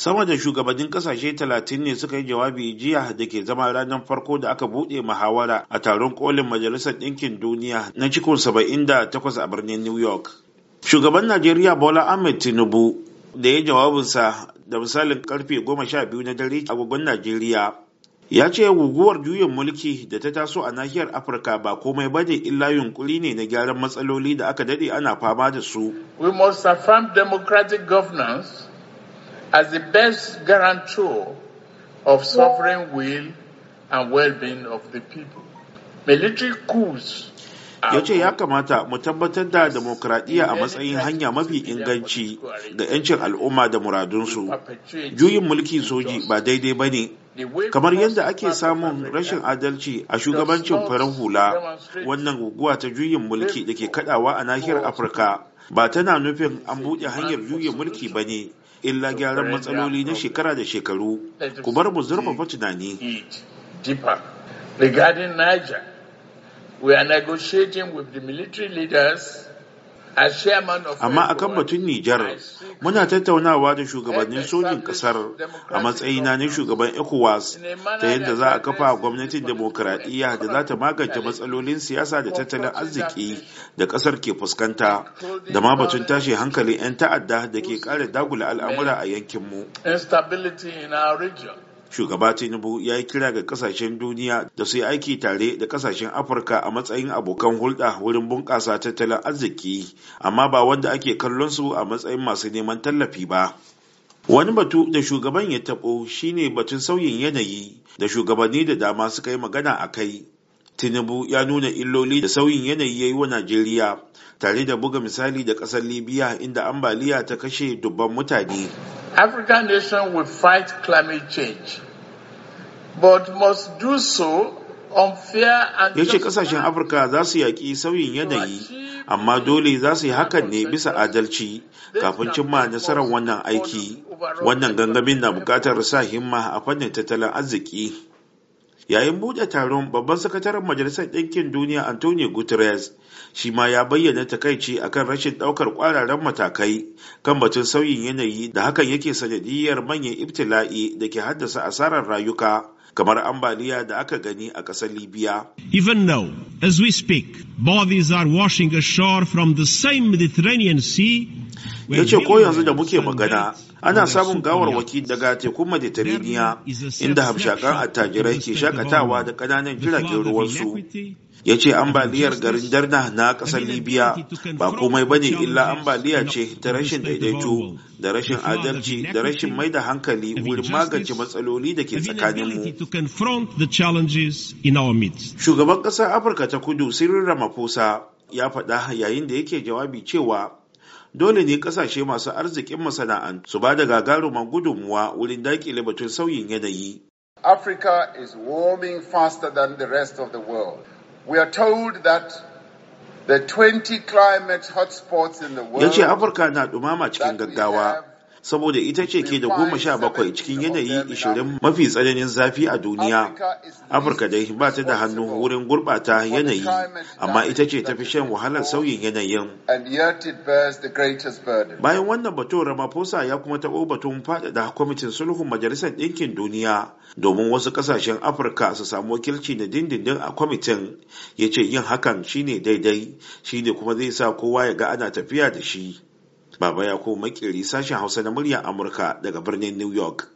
sama da shugabannin kasashe 30 ne suka yi jawabi jiya da ke zama ranar farko da aka buɗe muhawara a taron kolin majalisar ɗinkin duniya na cikin 78 a birnin new york shugaban najeriya bola ahmed tinubu da ya jawabinsa da misalin karfe 12 na dare agogon najeriya ya ce guguwar juyin mulki da ta taso a nahiyar afirka ba komai ba ne illa yunkuri ne na gyaran matsaloli da aka dade ana fama da su we must affirm democratic governance as the best guarantor of sovereign will and well-being of the people. Military coups ya ce ya kamata mu tabbatar da demokradiyya a matsayin hanya mafi inganci ga 'yancin al'umma da muradunsu juyin mulki soji ba daidai ba ne kamar yadda ake samun rashin adalci a shugabancin farin hula wannan guguwa ta juyin mulki da ke kaɗawa a nahiyar afirka ba tana nufin an buɗe hanyar juyin mulki ba ne illa gyaran matsaloli na shekara da shekaru ku bar mu zurfafa tunani regarding niger we are negotiating with the military leaders amma akan batun Nijar muna tattaunawa da shugabannin sojin kasar a matsayina na shugaban ECOWAS ta yadda za a kafa gwamnatin demokuraɗiyya da za ta magance matsalolin siyasa da tattalin arziki da kasar ke fuskanta da ma batun tashi hankalin 'yan ta'adda da ke ƙara dagula al'amura a yankinmu. shugaba tinubu ya yi kira ga kasashen duniya da su yi aiki tare da kasashen afirka a matsayin abokan hulɗa wurin bunƙasa tattalin arziki amma ba wanda ake kallon su a matsayin masu neman tallafi ba wani batu da shugaban ya taɓo shine batun sauyin yanayi da shugabanni da dama suka yi magana a kai tinubu ya nuna illoli da sauyin yanayi ya yi wa najeriya tare da buga misali da ƙasar libya inda ambaliya ta kashe dubban mutane African nation will fight climate change, but must do so ya ce kasashen afirka za su yaƙi sauyin yanayi amma dole za su yi hakan ne bisa adalci kafin cimma nasarar wannan aiki wannan gangamin na buƙatar sa himma a fannin tattalin arziki yayin buɗe taron babban sakataren majalisar ɗinkin duniya antonio guterres shi ma ya bayyana takaici a kan rashin daukar kwararan matakai kan batun sauyin yanayi da hakan yake sanadiyar manyan ibtila'i da ke haddasa asarar rayuka kamar ambaliya da aka gani a ƙasar Libya. Even now, as we speak, bodies are washing ashore from the same Mediterranean Sea. Ya ce ko yanzu da muke magana, ana samun gawarwaki daga tekun Mediterranean inda hamshakan attajirai ke shakatawa da ƙananan jiragen ruwansu. ya ce ambaliyar garin darna na ƙasar libya ba komai ba ne illa ambaliya ce ta rashin daidaito da rashin adalci da rashin mai da hankali wurin magance matsaloli da ke tsakaninmu shugaban ƙasar afirka ta kudu sirrin ramaphosa ya faɗa yayin da yake jawabi cewa dole ne ƙasashe masu arzikin masana'antu su ba da gagarumar gudunmuwa wurin dakile batun sauyin yanayi. Africa is warming faster than the rest of the world. We are told that the hotspots in the Afirka na dumama cikin gaggawa saboda ita ce ke da goma sha bakwai cikin yanayi ishirin mafi tsananin zafi a duniya afirka dai ba ta da hannu wurin gurɓata yanayi amma ita ce ta fi shan wahalar sauyin yanayin bayan wannan batun ramaphosa ya kuma taɓo batun faɗaɗa kwamitin sulhun majalisar ɗinkin duniya domin wasu ƙasashen afirka su samu wakilci da dindindin a kwamitin ya ce yin hakan shine daidai shine kuma zai sa kowa ya ga ana tafiya da shi Baba Yakubu Makeri sashen Hausa na muryar Amurka daga birnin New York.